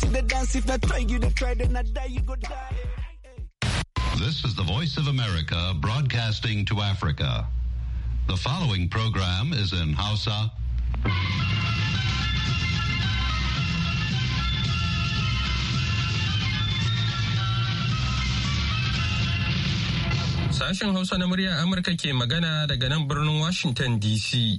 dance, if dance, if they try you, they try, then I die, you go die. This is the Voice of America broadcasting to Africa. The following program is in Hausa. Sashen Hausa na murya Amurka ke magana daga nan birnin Washington DC.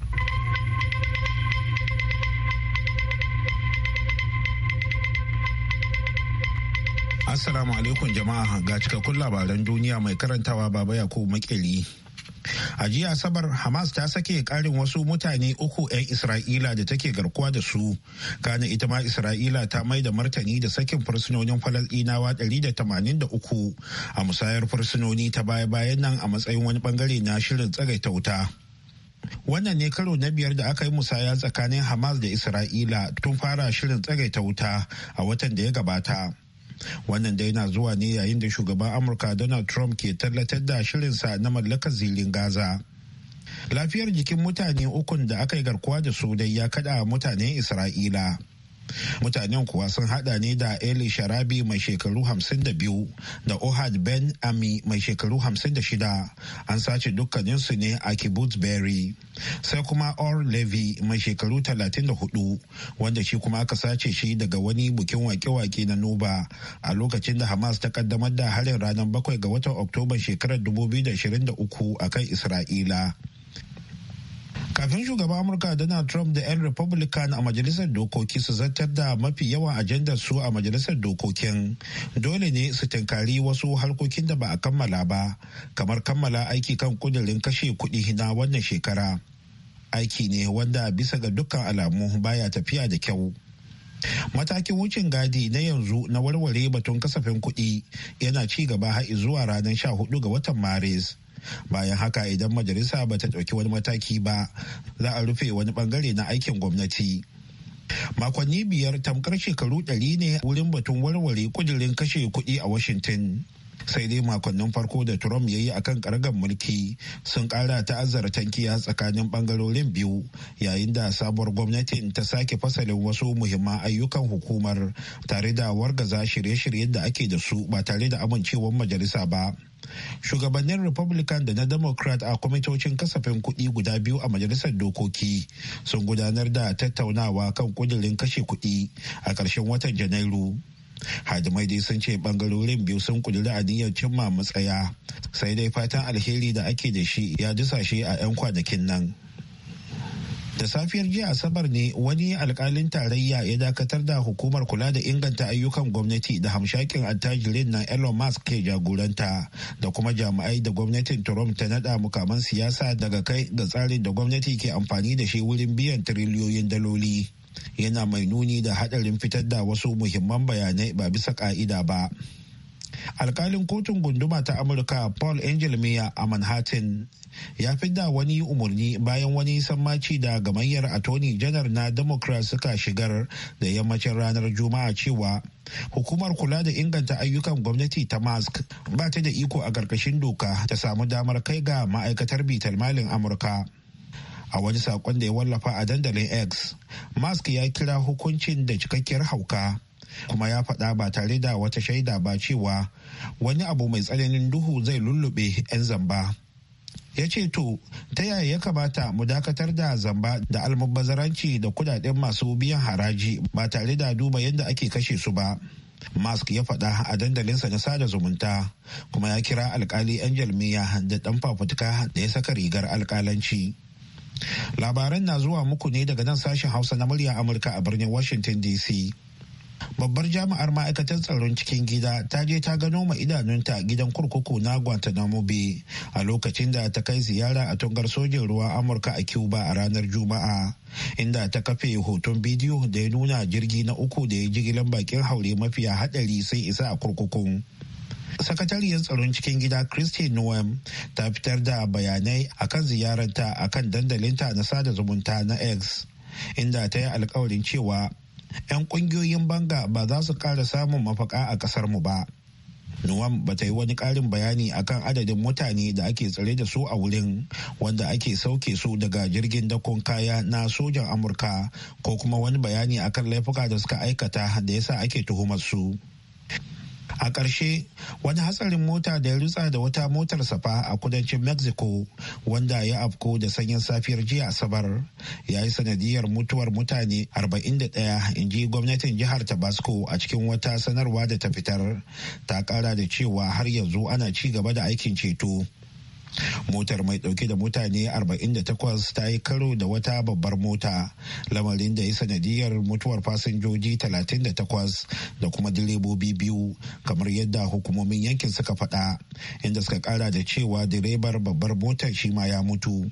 Assalamu alaikum jama'a ga cikakkun labaran duniya mai karantawa baba yakubu makeli. A jiya Asabar Hamas ta sake karin wasu mutane uku 'yan Isra'ila da take garkuwa da su. Kana ita ma Isra'ila ta mai da martani da sakin fursunonin Falasɗinawa 183 a musayar fursunoni ta baya-bayan nan a matsayin wani bangare na shirin tsagaita wuta. Wannan ne karo na biyar da aka yi musaya tsakanin Hamas da Isra'ila tun fara shirin tsagaita wuta a watan da ya gabata. wannan dai na zuwa ne yayin da shugaban amurka donald trump ke tallatar da shirinsa na mallakar zilin gaza lafiyar jikin mutane ukun da aka yi garkuwa da su dai ya kada mutanen isra'ila mutanen kuwa sun hada ne da eli sharabi mai shekaru 52 da ohad ben ami mai shekaru 56 an sace dukkaninsu ne a kibbutz berry sai kuma or levy mai shekaru 34 wanda shi kuma aka sace shi daga wani bukin wake-wake na Noba a lokacin da hamas ta kaddamar da harin ranar 7 ga watan oktoba shekarar 2023 a kan isra'ila kafin shugaban amurka donald trump da 'yan republican a majalisar dokoki su zartar da mafi yawan ajandar su a majalisar dokokin dole ne su tinkari wasu harkokin da ba a kammala ba kamar kammala aiki kan kudirin kashe kudi na wannan shekara aiki ne wanda bisa ga dukkan alamu baya tafiya da kyau matakin wucin gadi na yanzu na warware batun kasafin kuɗi yana ci gaba har zuwa ranar 14 ga watan maris bayan haka idan majalisa ba ta ɗauki wani mataki ba za a rufe wani bangare na aikin gwamnati makonni biyar tamkar shekaru ɗari ne wurin batun warware kudirin kashe kuɗi a washington sai dai makonnin farko da trump ya yi a kan karagar mulki sun kara ta'azzara tankiya tsakanin bangarorin biyu yayin da sabuwar gwamnatin ta sake fasalin wasu muhimman ayyukan hukumar tare da wargaza shirye-shiryen da ake da su ba tare da amincewar majalisa ba shugabannin republican da na democrat a kwamitocin kasafin kuɗi guda biyu a majalisar dokoki sun gudanar da tattaunawa kan kudirin kashe kuɗi a ƙarshen watan janairu hadimai dai sun ce bangarorin biyu sun a aniyar cimma matsaya sai dai fatan alheri da ake da shi ya dusashe a 'yan kwanakin nan da safiyar jiya asabar ne wani alkalin tarayya ya dakatar da hukumar kula da inganta ayyukan gwamnati da hamshakin attajirin na elon musk ke jagoranta da kuma jami'ai da gwamnatin trump ta nada mukaman siyasa daga kai ga tsarin da gwamnati ke amfani da shi wurin biyan tiriliyoyin daloli yana mai nuni da hadarin fitar da wasu muhimman bayanai ba bisa ka'ida ba alkalin kotun gunduma ta amurka paul angel mia a manhattan ya fi da wani umarni bayan wani sammaci da gamayyar attorney janar na democrat suka shigar da yammacin ranar juma'a cewa hukumar kula da inganta ayyukan gwamnati ta mask ba ta da iko a ƙarƙashin doka ta samu damar kai ga ma'aikatar bitar malin amurka a wani sakon da ya wallafa a dandalin x musk ya kira hukuncin da cikakkiyar hauka kuma ya faɗa ba tare da wata shaida ba cewa wani abu mai tsananin duhu zai lullube 'yan zamba ya ce to ta yaya ya kamata mu dakatar da zamba da almubazzaranci da kudaden masu biyan haraji ba tare da duba yadda ake kashe su ba mask ya faɗa a dandalinsa na sada zumunta kuma ya kira alkali 'yan jalmiya da ɗan fafutuka da ya saka rigar alkalanci. Labaran na zuwa muku ne daga nan sashen Hausa na murya Amurka a birnin Washington DC. Babbar jami'ar ma'aikatar tsaron cikin gida ta je ta gano ma idanunta gidan kurkuku na Guantanamo Bay a lokacin da ta kai ziyara a tungar sojin ruwa Amurka a Cuba a ranar Juma'a. Inda ta kafe hoton bidiyo da ya nuna jirgi na uku da ya jigilan bakin haure mafiya hadari sai isa a kurkukun. sakatariyar tsaron cikin gida christy noem ta fitar da bayanai akan ziyararta akan dandalinta na sada zumunta na x inda ta yi alkawarin cewa 'yan kungiyoyin banga ba za su kara samun mafaka a kasar mu ba Nuwam ba ta yi wani ƙarin bayani akan adadin mutane da ake tsare da su a wurin wanda ake sauke su daga jirgin dakon kaya na sojan Amurka ko kuma wani bayani akan laifuka da suka aikata da yasa ake tuhumar su. a ƙarshe wani hatsarin mota da ya rutsa da wata motar safa a kudancin mexico wanda ya afko da sanyin safiyar jiya asabar ya yi sanadiyar mutuwar mutane 41 in ji gwamnatin jihar tabasco a cikin wata sanarwa da ta fitar ta ƙara da cewa har yanzu ana ci gaba da aikin ceto motar mai dauke da mutane 48 ta yi karo da wata babbar mota lamarin da ya sanadiyar mutuwar fasinjoji 38 da kuma direbobi biyu kamar yadda hukumomin yankin suka faɗa inda suka kara da cewa direbar babbar motar shi ma ya mutu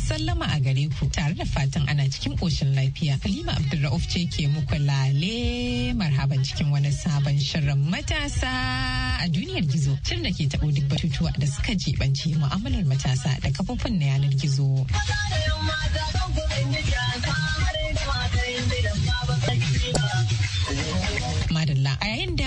sallama a gare ku tare da fatan ana cikin koshin lafiya. Halima Abdulrauf ce ke muku lale marhaban cikin wani sabon shirin matasa a duniyar gizo. Shirin da ke taɓo duk batutuwa da suka jibanci mu'amalar matasa da kafofin na yanar gizo. Madalla a yayin da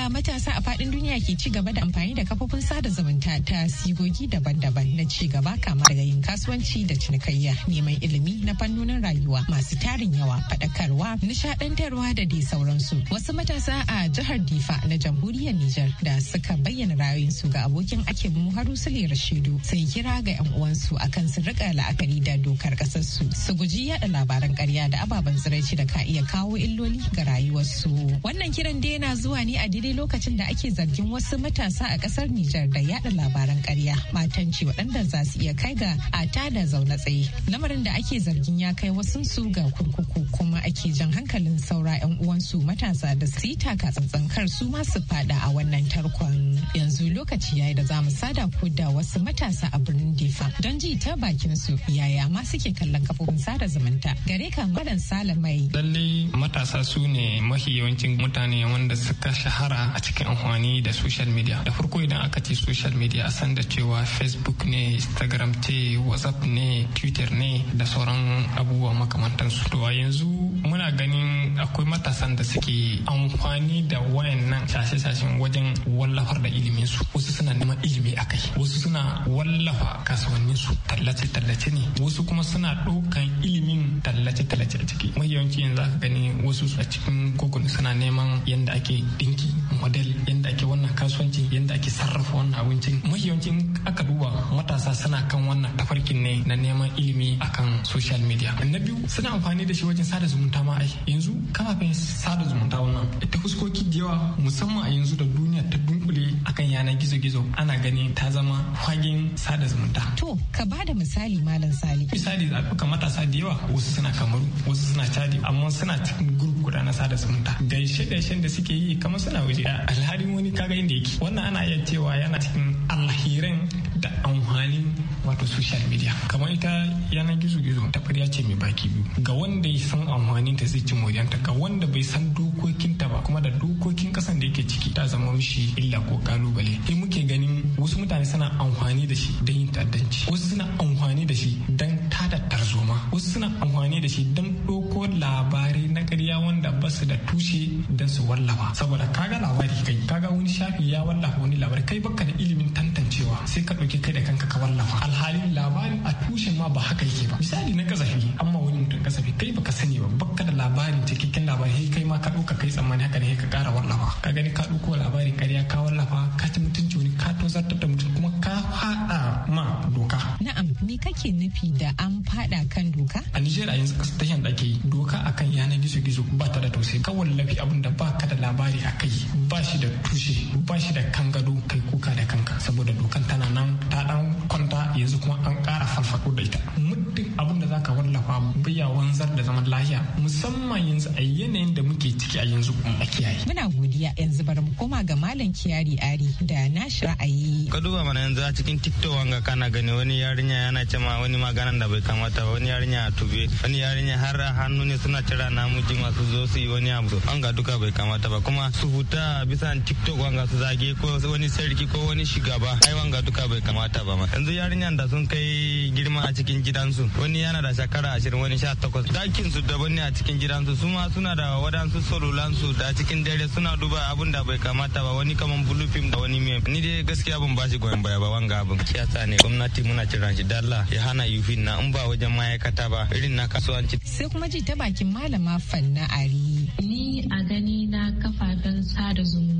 Najeriya ke ci gaba da amfani da kafofin sada zumunta ta sigogi daban-daban na ci gaba kama daga yin kasuwanci da cinikayya neman ilimi na fannonin rayuwa masu tarin yawa faɗakarwa nishaɗantarwa da dai sauransu. Wasu matasa a jihar Difa na jamhuriyar Nijar da suka bayyana su ga abokin ake mu Harusule Rashidu sai kira ga 'yan uwansu akan su rika la'akari da dokar ƙasarsu su guji yada labaran ƙarya da ababen ziraici da ka iya kawo illoli ga rayuwarsu. Wannan kiran dai yana zuwa ne a daidai lokacin da ake zargin wasu matasa a kasar Nijar da yaɗa labaran karya matanci waɗanda za su iya kai ga a tada zaune tsaye. Lamarin da ake zargin ya kai wasu su ga kurkuku kuma ake jan hankalin saura 'yan uwansu matasa da su yi taka kar su masu su fada a wannan tarkon. Yanzu lokaci yayi da za mu sada ko da wasu matasa a birnin Difa don ji ta bakin su yaya ma suke kallon kafofin sada zumunta. Gare ka Madan Salamai. Lallai matasa su ne mafi yawancin mutane wanda suka shahara a cikin amfani da social media da farko idan aka ce social media a san da cewa facebook ne instagram ce whatsapp ne twitter ne da sauran abubuwa su to a yanzu muna ganin akwai matasan da suke amfani da wayannan shashe-shashen wajen wallafar da su wasu suna neman ilimi a kai wasu suna wallafa kasuwannin su tallace-tallace ne wasu kuma suna ɗaukan ilimin tallace-tallace a ciki mai yawanci yanzu aka gani wasu a cikin google suna neman yadda ake dinki model yadda ake wannan na kasuwanci yadda ake sarrafa wannan abincin mahiyancin aka duba matasa suna kan wannan tafarkin ne na neman ilimi akan social media na biyu suna amfani da shi wajen sada zumunta ma ai yanzu kafafen sada zumunta wannan ita fuskoki da yawa musamman a yanzu da duniya ta duniya matsaloli akan yanar gizo-gizo ana ganin ta zama kwagin sada zumunta. To, ka ba da misali Malam Sali. Misali ka matasa da yawa wasu suna kamaru wasu suna cadi amma suna cikin grup guda na sada zumunta. Gaishe-gaishen da suke yi kamar suna waje alharin wani kaga inda yake. Wannan ana iya cewa yana cikin alhirin da amfanin wato social media kamar ita yanar gizo-gizo ta ce mai baki biyu ga wanda ya san amfanin ta zai ci moriyanta ga wanda bai san dokokin ba kuma da dokokin kasan da yake ciki ta zama mishi illa ko kalubale sai muke ganin wasu mutane suna amfani da shi don yin ta'addanci wasu suna amfani da shi don tada tarzoma wasu suna amfani da shi don doko labarai na ƙarya wanda ba su da tushe da su wallafa saboda ka ga labari kai kaga wani shafi ya wallafa wani labari kai baka da ilimin tantancewa sai ka ɗauki kai da kanka ka wallafa alhalin labarin a tushen ma ba haka yake ba misali na kasafi amma wani mutum kasafi kai baka sani ba labarin cikakken labari kai ma ka ɗauka kai tsammani haka ne ka ƙara wallafa ka gani ka ɗauko labarin ƙarya ka wallafa ka ci mutunci wani ka tozartar da mutum kuma ka haɗa ma doka. Na'am me kake nufi da an faɗa kan doka? A Nijar a yanzu tashin da ake doka akan yanar gizo gizo ba ta da tausayi ka wallafi abin da ba ka da labari a kai ba shi da tushe ba shi da kangado, kai kuka da kanka saboda dokan tana nan ta ɗan yanzu kuma an ƙara farfaɗo da ita muddin abin da zaka wallafa biya wanzar da zaman lafiya musamman yanzu a yanayin da muke ciki a yanzu kuma a kiyaye muna godiya yanzu bari mu koma ga malam kiyari ari da na ra'ayi ka duba mana yanzu a cikin tiktok wanga kana gani wani yarinya yana cema wani maganan da bai kamata ba wani yarinya a tube wani yarinya har hannu ne suna cira namuji masu zo su yi wani abu an ga duka bai kamata ba kuma su huta bisa tiktok wanga su zage ko wani sarki ko wani shugaba ai wanga duka bai kamata ba ma yanzu yarinya da sun kai girma a cikin gidansu wani yana da shekara ashirin wani sha takwas dakin su daban ne a cikin gidansu su ma suna da wadansu solulansu da cikin dare suna duba abun da bai kamata ba wani kaman bulufin da wani mai ni dai gaskiya ban bashi goyon baya ba wanga abin siyasa ne gwamnati muna kiran shi dalla ya hana yufin na in ba wajen ma'aikata ba irin na kasuwanci sai kuma ji ta bakin malama fanna ari ni a gani na kafafen sada zumunta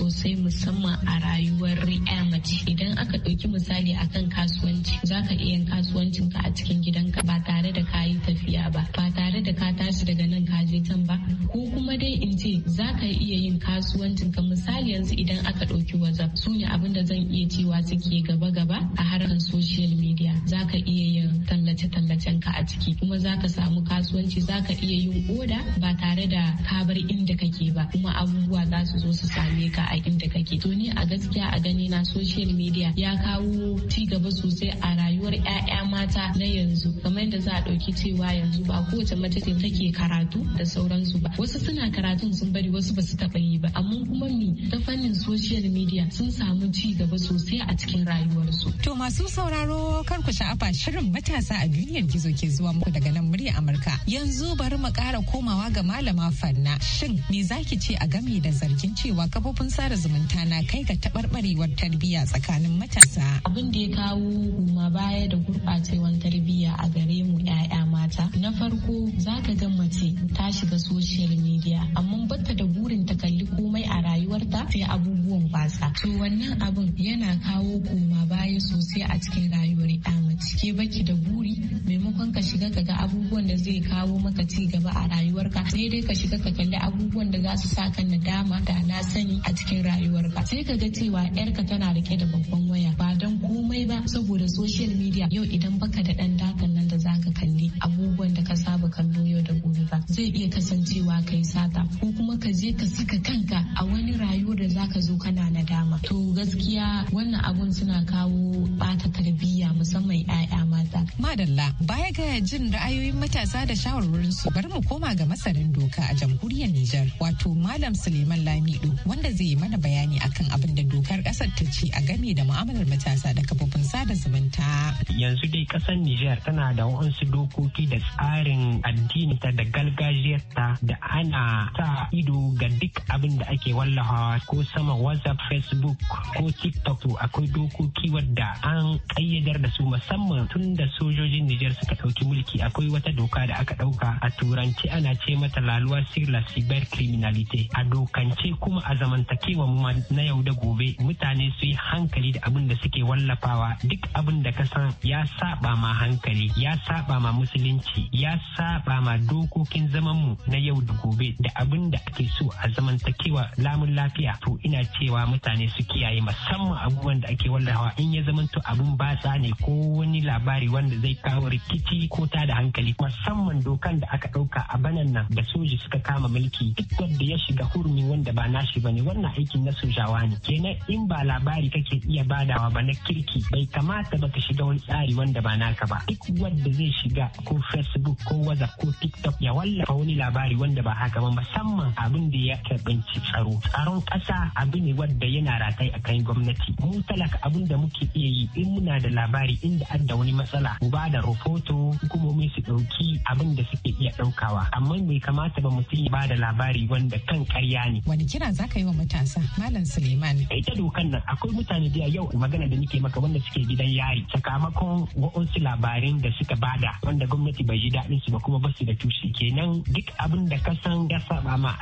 sosai musamman a rayuwar ya mace idan aka ɗauki misali akan kasuwanci za ka iya kasuwancin ka a cikin gidanka ba tare da ka yi tafiya ba ba tare da ka tashi daga nan ka je can ba ko kuma dai ce za ka iya yin kasuwancin ka misali yanzu idan aka ɗauki WhatsApp su ne abin da zan iya cewa suke gaba-gaba a harkar social media za ka iya yin tallace-tallacen ka a ciki kuma za ka samu kasuwanci za ka iya yin oda ba tare da ka bar inda kake ba kuma abubuwa za su zo su same ka a inda kake to ni a gaskiya a gani na social media ya kawo ci gaba sosai a rayuwar 'ya'ya mata na yanzu kamar yadda za a ɗauki cewa yanzu ba kowace mace ce take karatu da sauransu ba wasu suna karatu mutum sun bari wasu ba su taɓa yi ba amma kuma ni ta fannin social media sun samu ci gaba sosai a cikin rayuwarsu. To masu sauraro kar ku sha'afa shirin matasa a duniyar gizo ke zuwa muku daga nan murya Amurka. Yanzu bari mu kara komawa ga malama Fanna. Shin me zaki ce a game da zargin cewa kafofin sada zumunta na kai ga taɓarɓarewar tarbiyya tsakanin matasa? Abin da ya kawo kuma baya da gurɓacewar tarbiyya a gare mu 'ya'ya mata. Na farko zaka ga mace ta shiga social media amma an bata da burin ta kalli komai a rayuwarta sai abubuwan basa to wannan abun yana kawo koma baya sosai a cikin rayuwar ɗama. Cike baki da buri maimakon ka shiga ka ga abubuwan da zai kawo maka ci gaba a rayuwarka sai dai ka shiga ka kalli abubuwan da za su sa ka nadama da na sani a cikin rayuwarka sai ka ga cewa yarka tana rike da babban waya ba don komai ba saboda social media yau idan baka da ɗan dakan nan da zaka kalli abubuwan da ka saba kallo yau da gobe ba zai iya kasancewa kai sata ko kuma ka je ka saka kanka a wani rayuwar da zaka zo kana na dama to gaskiya wannan abun suna kawo bata tarbiyya musamman 'ya'ya mata madalla baya ga jin ra'ayoyin matasa da shawarwarin su bari mu koma ga masarin doka a jamhuriyar Nijar wato malam Suleiman Lamido wanda zai yi mana bayani akan abin da dokar kasar ta ce a game da mu'amalar matasa da kafofin sada zumunta yanzu dai kasar Nijar tana da wasu dokoki da tsarin addini ta da gargajiyarta da ana ta ido ga duk abin da ake wallafa ko sama whatsapp facebook ko tiktok to akwai dokoki wadda an kayyadar da su musamman tun da sojojin nijar suka ɗauki mulki akwai wata doka da aka ɗauka a turanci ana ce mata laluwa sirla la cyber criminalité a dokance kuma a zamantakewa na yau da gobe mutane su yi hankali da abin da suke wallafawa duk abin da ka san ya saba ma hankali ya saba ma musulunci ya saba ma dokokin zamanmu na yau da gobe da abin abin da ake so a zamantakewa lamun lafiya to ina cewa mutane su kiyaye musamman abubuwan da ake wallafa in ya zamanto abun batsa ne ko wani labari wanda zai kawo rikici ko ta da hankali musamman dokan da aka ɗauka a banan nan da soji suka kama mulki duk wanda ya shiga hurumi wanda ba nashi ba ne wannan aikin na sojawa ne kenan in ba labari kake iya badawa ba na kirki bai kamata ba ka shiga wani tsari wanda ba naka ba duk wanda zai shiga ko facebook ko whatsapp ko tiktok ya wallafa wani labari wanda ba haka ba musamman musamman abin da ya kaɓanci tsaro tsaron ƙasa abu ne wadda yana ratai a kan gwamnati mu talaka abin da muke iya yi in muna da labari inda an da wani matsala mu ba da rahoto hukumomi su ɗauki abin da suke iya ɗaukawa amma mai kamata ba mutum ya ba da labari wanda kan ƙarya ne. wani kira za ka yi wa matasa malam suleiman. ita dokan nan akwai mutane da yau magana da nake maka wanda suke gidan yari sakamakon wa'ansu labarin da suka bada wanda gwamnati bai ji daɗin su ba kuma ba su da tushe kenan duk abin da ka san ya saba dama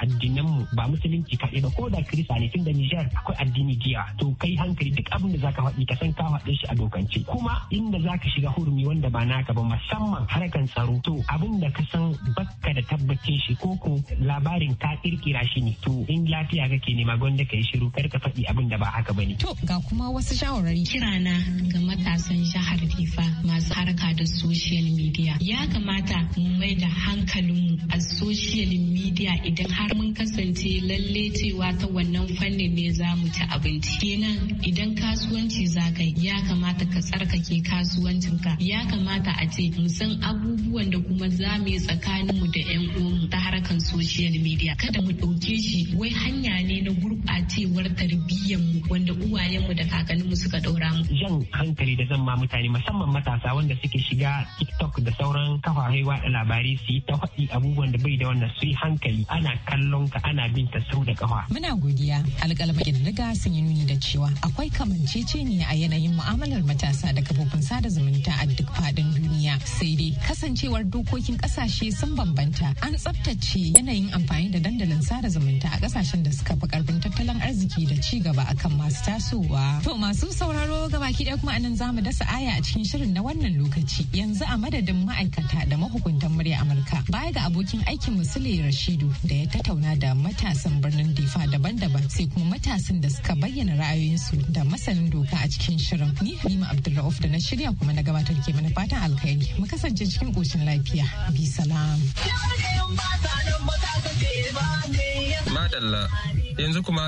mu ba musulunci kaɗai ba ko da kirista ne tun da Nijar akwai addini jiya to kai hankali duk abin da zaka faɗi ka san ka faɗe shi a dokance kuma inda zaka shiga hurumi wanda ba naka ba musamman harkan tsaro to abin da ka san bakka da tabbacin shi ko ko labarin ka kirkira shi ne to in lafiya kake nema gwanda ka shiru kar ka faɗi abin da ba haka bane to ga kuma wasu shawarwari kirana ga matasan jihar Fifa masu harka da social media ya kamata mu mai da hankalinmu a social media idan har mun kasance lalle cewa ta wannan fannin ne za mu ci abinci kenan idan kasuwanci za ka ya kamata ka tsarkake kasuwancinka ya kamata a ce mu san abubuwan da kuma za mu yi tsakanin mu da 'yan uwanmu ta harkan social media kada mu ɗauke shi wai hanya ne na gurɓacewar mu wanda mu da kakanninmu suka ɗaura mu. Jan hankali da zan ma mutane musamman matasa wanda suke shiga TikTok da sauran kafafen watsa labarai su yi ta abubuwan da bai da wannan su yi hankali ana kallon ka ana bin ta sau da kafa. Muna godiya alƙalma ƙirƙiga sun yi nuni da cewa akwai kamanceceniya a yanayin mu'amalar matasa da kafofin sada zumunta a duk faɗin duniya sai dai kasancewar dokokin ƙasashe sun bambanta an tsaftace yanayin amfani da dandalin sada zumunta a ƙasashen da suka fi tattalin arziki da ci gaba akan masu tasowa. To masu sauraro ga baki ɗaya kuma anan zamu dasa aya a cikin shirin na wannan lokaci yanzu a madadin ma'aikata da mahukuntan murya Amurka. Baya ga abokin aikin Musule Rashidu da ya tattauna da matasan birnin Difa daban-daban sai kuma matasan da suka bayyana ra'ayoyinsu da masanin doka a cikin shirin. Ni Halima Abdulrauf da na shirya kuma na gabatar ke mana fatan alkhairi. Mu kasance cikin ƙoshin lafiya. Bi salam. Madalla yanzu kuma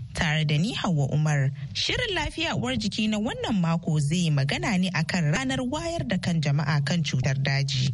tare da ni Hauwa Umar. Shirin lafiya uwar jiki na wannan mako zai magana ne akan ranar wayar da kan jama'a kan cutar daji.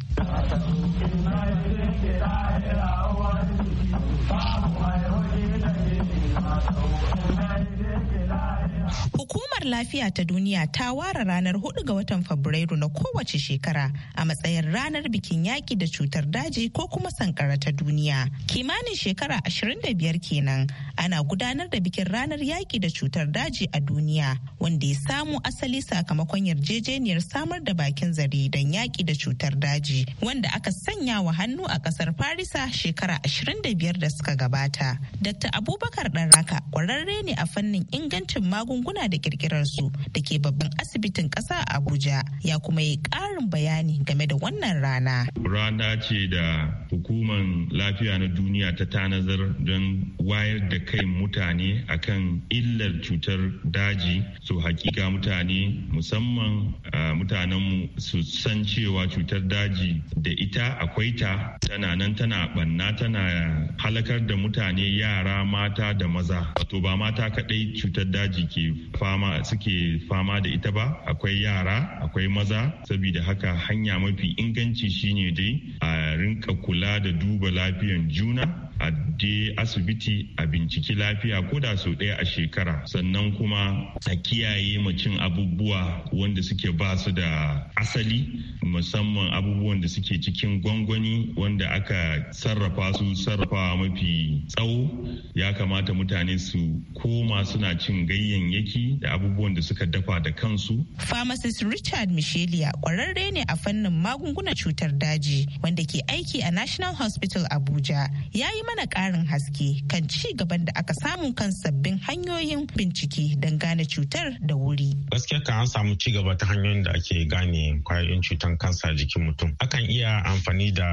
Hukumar Lafiya ta Duniya ta ware ranar 4 ga watan Fabrairu na kowace shekara a matsayin ranar bikin yaƙi da cutar daji ko kuma sankara ta duniya. Kimanin shekara 25 kenan ana gudanar da bikin ranar yaƙi da cutar daji a duniya wanda ya samu asali sakamakon yarjejeniyar samar da bakin zare don yaƙi da cutar daji wanda aka sanya wa hannu a ƙasar Farisa shekara 25 da suka gabata. Dr. Abubakar Ɗanraka ƙwararre ne a fannin ingancin magun magunguna da kirkirarsu da ke babban asibitin ƙasa a Abuja ya kuma yi ƙarin bayani game da wannan rana. Rana ce da hukumar lafiya na duniya ta tanazar don wayar da kai mutane akan illar cutar daji su hakika mutane musamman mutanenmu su san cewa cutar daji da ita akwai ta tana nan tana banna tana halakar da mutane yara mata da maza. Wato ba mata kaɗai cutar daji ke fama suke fama da ita ba akwai yara akwai maza saboda haka hanya mafi inganci shine dai a rinka kula da duba lafiyan juna a je asibiti a binciki lafiya ko da sau ɗaya a shekara sannan kuma a kiyaye macin abubuwa wanda suke ba su da asali musamman abubuwan da suke cikin gwangwani wanda aka sarrafa su sarrafa mafi tsawo ya kamata mutane su koma suna cin ganyayyaki da abubuwan da suka dafa da kansu. Pharmacist Richard Michelia kwararre ne a fannin magungunan cutar daji wanda ke aiki a National Hospital Abuja. Ya yi mana ƙarin haske kan ci gaban da aka samu kan sabbin hanyoyin bincike don gane cutar da wuri. Gaskiya kan an samu ci gaba ta hanyoyin da ake gane kwayoyin cutar kansa jikin mutum. Akan iya amfani da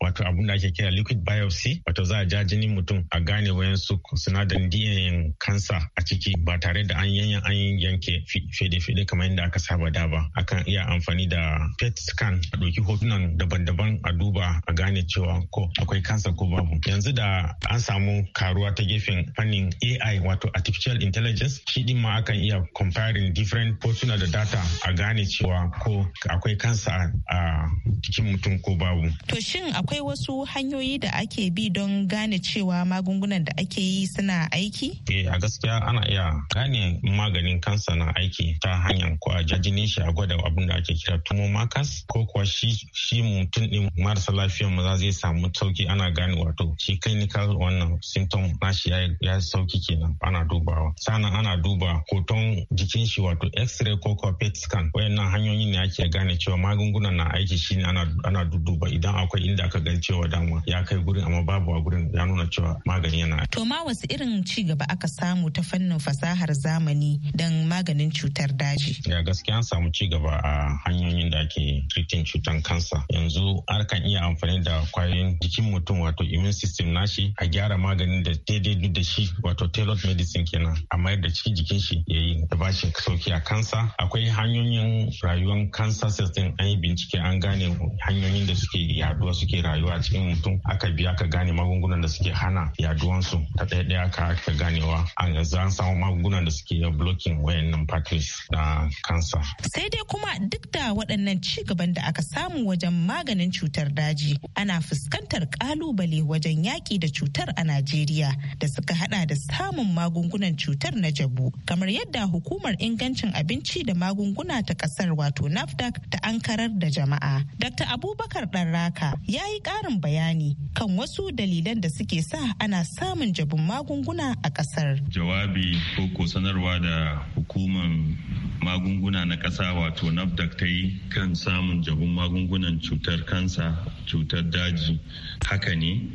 wato abun da ake kira liquid biopsy wato za a ja jinin mutum a gane wayansu sinadarin DNA kansa a ciki ba tare da an yanyan an yanke fede-fede kamar yadda aka saba da ba. Akan iya amfani da PET scan a ɗauki hotunan daban-daban a duba a gane cewa ko akwai kansa ko babu. Yanzu da da an samu karuwa ta gefen fannin AI wato artificial intelligence shi din ma akan iya comparing different hotuna da data a gane cewa ko akwai kansa a cikin mutum ko babu. To shin akwai wasu hanyoyi da ake bi don gane cewa magungunan da ake yi suna aiki? Eh a gaskiya ana iya gane maganin kansa na aiki ta hanyar ko a jajine shi a gwada abin da ake kira tumo makas ko kuwa shi mutum din marasa lafiyar maza zai samu sauki ana gane wato shi kai. clinical wannan symptom nashi ya sauki kenan ana dubawa sannan ana duba koton jikin shi wato x-ray ko pet scan wayannan hanyoyin ne ake gane cewa magungunan na aiki shine ana ana duduba idan akwai inda aka gan cewa dama ya kai gurin amma babu a gurin ya nuna cewa magani yana to ma wasu irin ci gaba aka samu ta fannin fasahar zamani dan maganin cutar daji ya gaskiya an samu ci gaba a hanyoyin da ake treating cutar kansa yanzu kan iya amfani da kwayoyin jikin mutum wato immune system na nashi a gyara maganin da daidai da shi wato tailored medicine kenan a mayar da ciki jikin shi ya yi da bashi sauki a kansa akwai hanyoyin rayuwar kansa cells din an yi bincike an gane hanyoyin da suke yaduwa suke rayuwa a cikin mutum aka biya aka gane magungunan da suke hana yaduwansu ta ɗaya ɗaya aka aka ganewa an yanzu an samu magungunan da suke blocking wayannan pathways na kansa Sai dai kuma duk da waɗannan ci gaban da aka samu wajen maganin cutar daji ana fuskantar ƙalubale wajen ya yaƙi da cutar a Najeriya da suka hada da samun magungunan cutar na jabu. Kamar yadda hukumar ingancin abinci da magunguna ta ƙasar wato NAFDAC ta ankarar da jama'a. Dr. Abubakar Ɗanraka ya yi ƙarin bayani kan wasu dalilan da suke sa ana samun jabun magunguna a ƙasar. Jawabi ko sanarwa da hukumar magunguna na ƙasa wato NAFDAC ta yi kan samun jabun magungunan cutar kansa, cutar daji. Haka ne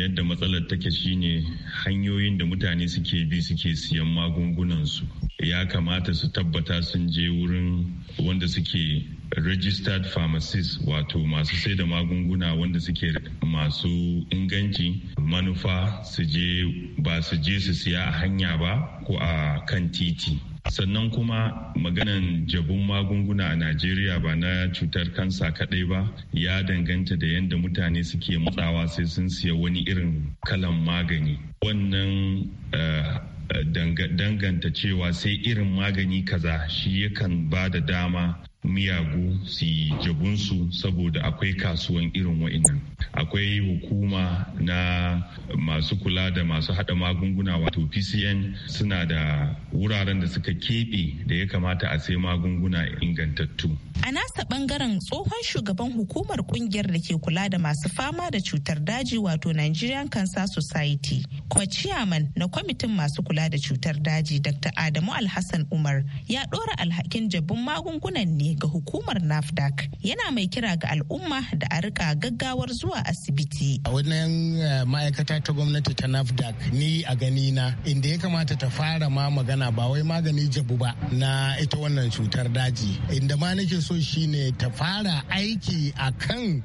yadda matsalar take shine hanyoyin da mutane suke bi suke siyan magungunansu ya kamata su tabbata sun je wurin wanda suke registered pharmacist wato masu sai da magunguna wanda suke masu inganci manufa su je ba su je su siya a hanya ba ko a kan titi sannan kuma maganan jabun magunguna a najeriya ba na cutar kansa kadai ba ya danganta da yadda mutane suke matsawa sai sun siya wani irin kalan magani wannan eh, danganta cewa sai irin magani kaza shi yakan ba da dama miyagu su jabunsu saboda akwai kasuwan irin wa'innan akwai hukuma na masu kula da masu hada magunguna wato pcn suna da wuraren da suka keɓe da ya kamata a sai magunguna ingantattu a nasa bangaren tsohon shugaban hukumar kungiyar da ke kula da masu fama da cutar daji wato nigerian cancer society kuma ciyaman na kwamitin masu kula da cutar daji dr adamu alhassan umar ya ɗora alhakin jabun magungunan ne ga hukumar nafdac yana mai kira ga al'umma da a rika gaggawar zuwa asibiti a wannan eh, ma'aikata ta gwamnati ta nafdac ni a gani na inda ya kamata ta fara ma magana ba wai magani jabu ba na ita wannan cutar daji inda ma nake so shine ta fara aiki a kan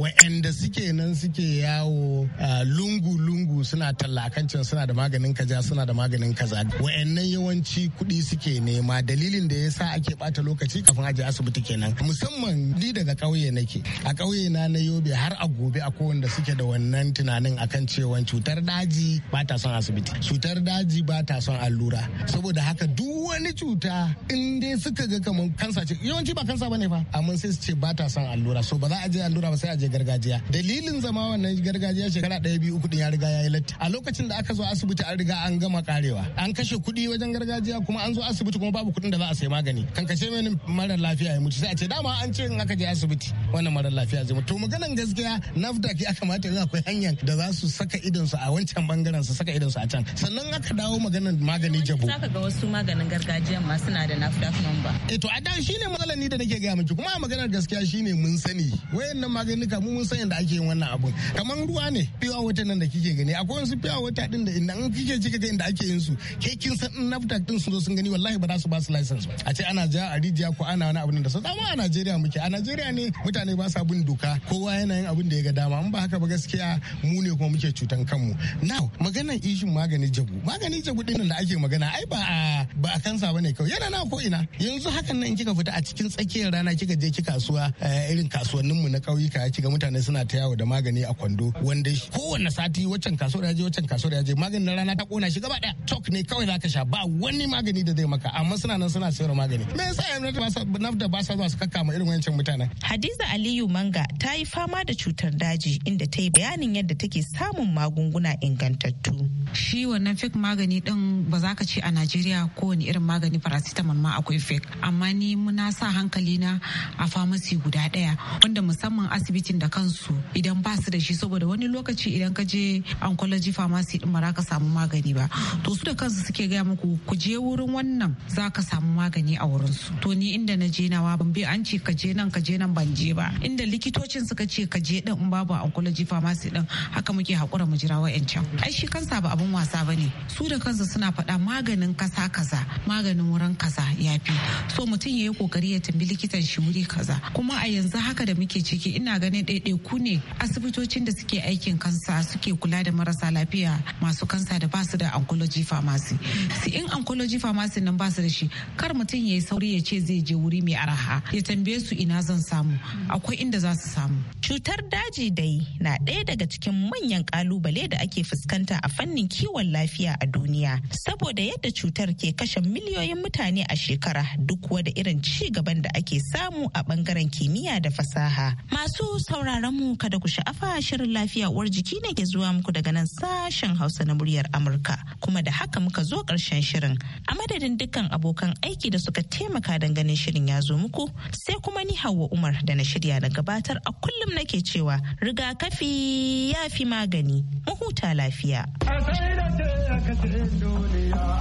wa'anda suke nan suke yawo lungu-lungu suna tallakancin suna da maganin kaza suna da maganin kaza wa'annan yawanci kuɗi suke nema dalilin da ya sa ake ɓata lokaci kafin ja. asibiti kenan musamman ni daga ƙauye nake a ƙauye na na yobe har a gobe a wanda suke da wannan tunanin akan cewa cutar daji ba ta son asibiti cutar daji ba ta son allura saboda haka duk wani cuta in dai suka ga kamar kansa ce yawanci ba kansa bane fa amma sai su ce ba ta son allura so ba za a je allura ba sai a je gargajiya dalilin zama wannan gargajiya shekara ɗaya biyu uku ya riga ya yi latti a lokacin da aka zo asibiti an riga an gama karewa an kashe kuɗi wajen gargajiya kuma an zo asibiti kuma babu kuɗin da za a sayi magani kankashe mini mara lafiya lafiya ya mutu sai a ce dama an ce in aka je asibiti wannan mara lafiya zai mutu to maganan gaskiya nafdac ya kamata yanzu akwai hanyar da za su saka idon su a wancan bangaren su saka idon su a can sannan aka dawo maganan magani jabo ka ga wasu maganin gargajiya ma suna da nafdac number eh to a da shine matsalar ni da nake ga miki kuma maganar gaskiya shine mun sani wayannan maganika mu mun san yadda ake yin wannan abun kamar ruwa ne fiwa wata nan da kike gani akwai wasu fiwa wata din da idan kike ji kaga inda ake yin su ke kin san nafdac din su zo sun gani wallahi ba za su ba su license ba a ce ana ja a rijiya ko ana wani abin da so dama a Najeriya muke a Najeriya ne mutane ba sa bin doka kowa yana yin abin da ya ga dama in ba haka ba gaskiya mu ne kuma muke cutan kanmu now maganar ishin magani jabu magani jabu din da ake magana ai ba a ba a kansa bane kawai yana na ko ina yanzu hakan nan kika fita a cikin tsakiyar rana kika je kika kasuwa eh, irin kasuwannin mu na kauyuka kika mutane suna ta yawo da magani a kwando wanda kowanne sati waccan kasuwar ya je waccan kasuwar ya je maganin rana ta kona shi gaba daya tok ne kawai zaka sha ba wani magani da zai maka amma suna nan suna sayar magani me yasa gwamnati ba da ba sa zuwa su kakkama irin wancan mutanen. Hadiza Aliyu Manga ta yi fama da cutar daji inda ta yi bayanin yadda take samun magunguna ingantattu. Shi wannan fake magani din ba za ka ce a Najeriya kowane irin magani paracetamol ma akwai fik amma ni muna sa hankali na a famasi guda ɗaya wanda musamman asibitin da kansu idan ba su da shi saboda wani lokaci idan ka je oncology pharmacy din ba za ka samu magani ba to su da kansu suke gaya muku ku je wurin wannan za ka samu magani a wurinsu to ni inda na je dainawa ban bi an ce ka je nan ka je nan ban je ba inda likitocin suka ce ka je din in babu oncology pharmacy din haka muke hakura mu jira wa'ancan ai shi kansa ba abun wasa bane su da kansu suna faɗa maganin kasa kaza maganin wurin kaza yafi so mutum ya yi kokari ya tambi likitan shi wuri kaza kuma a yanzu haka da muke ciki ina ganin ku ne asibitocin da suke aikin kansa suke kula da marasa lafiya masu kansa da basu da oncology pharmacy si in oncology pharmacy nan basu da shi kar mutum ya sauri ya ce zai je wuri mai araha ya tambaye su ina zan samu akwai inda za su samu cutar daji dai na ɗaya daga cikin manyan kalubale da ake fuskanta a fannin kiwon lafiya a duniya saboda yadda cutar ke kashe miliyoyin mutane a shekara duk wada irin ci gaban da ake samu a bangaren kimiyya da fasaha masu sauraron mu kada ku sha'afa shirin lafiya uwar jiki ne ke zuwa muku daga nan sashen hausa na muryar amurka kuma da haka muka zo ƙarshen shirin a madadin dukkan abokan aiki da suka taimaka don ganin shirin ya zo muku sai kuma ni hawa Umar da na shirya na gabatar a kullum nake cewa rigakafi ya fi magani mu huta lafiya.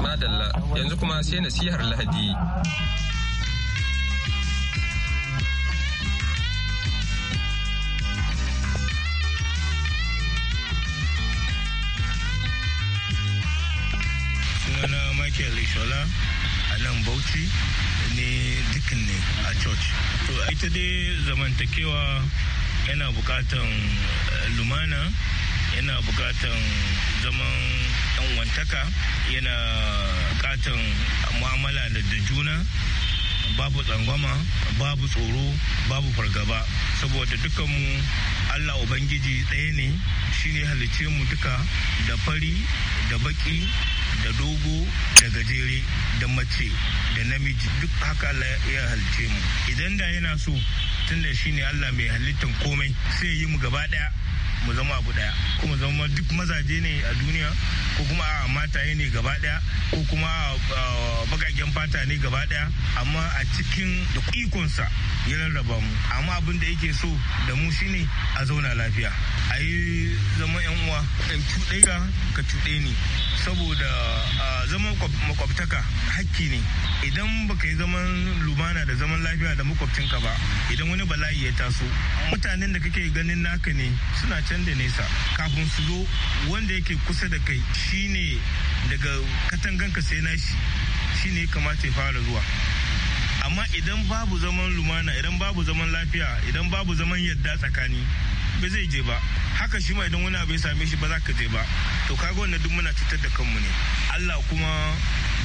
Madalla yanzu kuma sai nasihar Lahadi. Sunana Michael Ishola a nan Bauchi. dukkan ne a church to ita dai zamantakewa yana bukatan eh, lumana yana bukatan zaman wantaka yana bukatan mu'amala da juna babu tsangwama babu tsoro babu fargaba saboda dukanmu allah ubangiji ɗaya ne shine halicce mu duka da fari da baki da dogo da gajere da mace da namiji duk haka Allah ya halice mu idan da yana so tunda shine Allah mai halittan komai sai yi mu gaba daya mu zama abu daya kuma zama duk mazaje ne a duniya ko kuma a mataye ne gaba daya ko kuma a bagagen fata ne gaba daya amma a cikin da ikonsa ya rarraba mu amma abin da yake so da mu shine a zauna lafiya a yi zama yan uwa in cuɗe ka ka cuɗe ni saboda zaman makwabtaka hakki ne idan baka yi zaman lumana da zaman lafiya da makwabcinka ba idan wani bala'i ya taso mutanen da kake ganin naka ne suna can da nesa kafin su zo wanda yake kusa da kai shine daga katanganka sai nashi shine kamata ya fara zuwa amma idan babu zaman lumana idan babu zaman lafiya idan babu zaman yadda tsakani ba zai je ba haka shi ma idan wani abu ya same shi ba za ka je ba to kaga wannan duk muna cutar da kanmu ne Allah kuma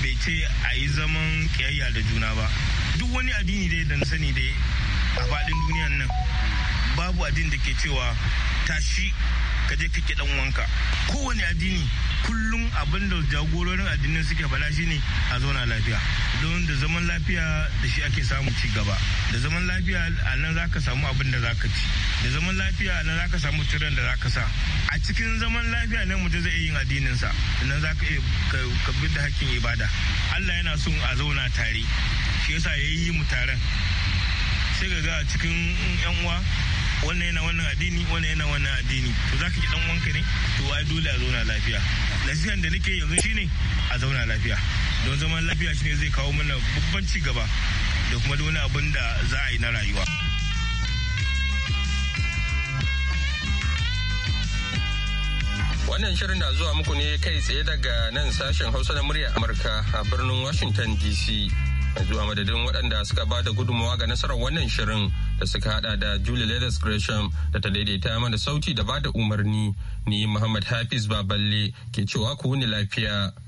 bai ce a yi zaman kiyayya da juna ba duk wani addini dai da na sani dai a faɗin duniyan nan babu addini da ke cewa tashi ka je kake dan wanka kowane addini kullum abin da jagororin addinin suke faɗa shine a zauna lafiya don da zaman lafiya da shi ake samu ci gaba da zaman lafiya a nan zaka samu abin da zaka ci da zaman lafiya a nan zaka samu tiran da zaka sa a cikin zaman lafiya nan mutum zai yin addinin sa nan zaka ka bi da hakkin ibada Allah yana son a zauna tare shi yasa yayi mu taron sai ga cikin yan uwa wannan yana wannan addini wannan yana wannan addini to zaka ki dan wanka ne to ai dole a zauna lafiya nasihan da nake yanzu shine a zauna lafiya don zaman lafiya shine zai kawo mana babban ci gaba da kuma dole wani abin da za a yi na rayuwa Wannan shirin na zuwa muku ne kai tsaye daga nan sashen Hausa na murya Amurka a birnin Washington DC. Yanzu madadin waɗanda suka ba da gudunmawa ga nasarar wannan shirin da suka hada da Julie Leathers Gresham da ta daidaita mana sauti da ba da umarni ni Muhammad Hafiz Baballe ke cewa ku wuni lafiya.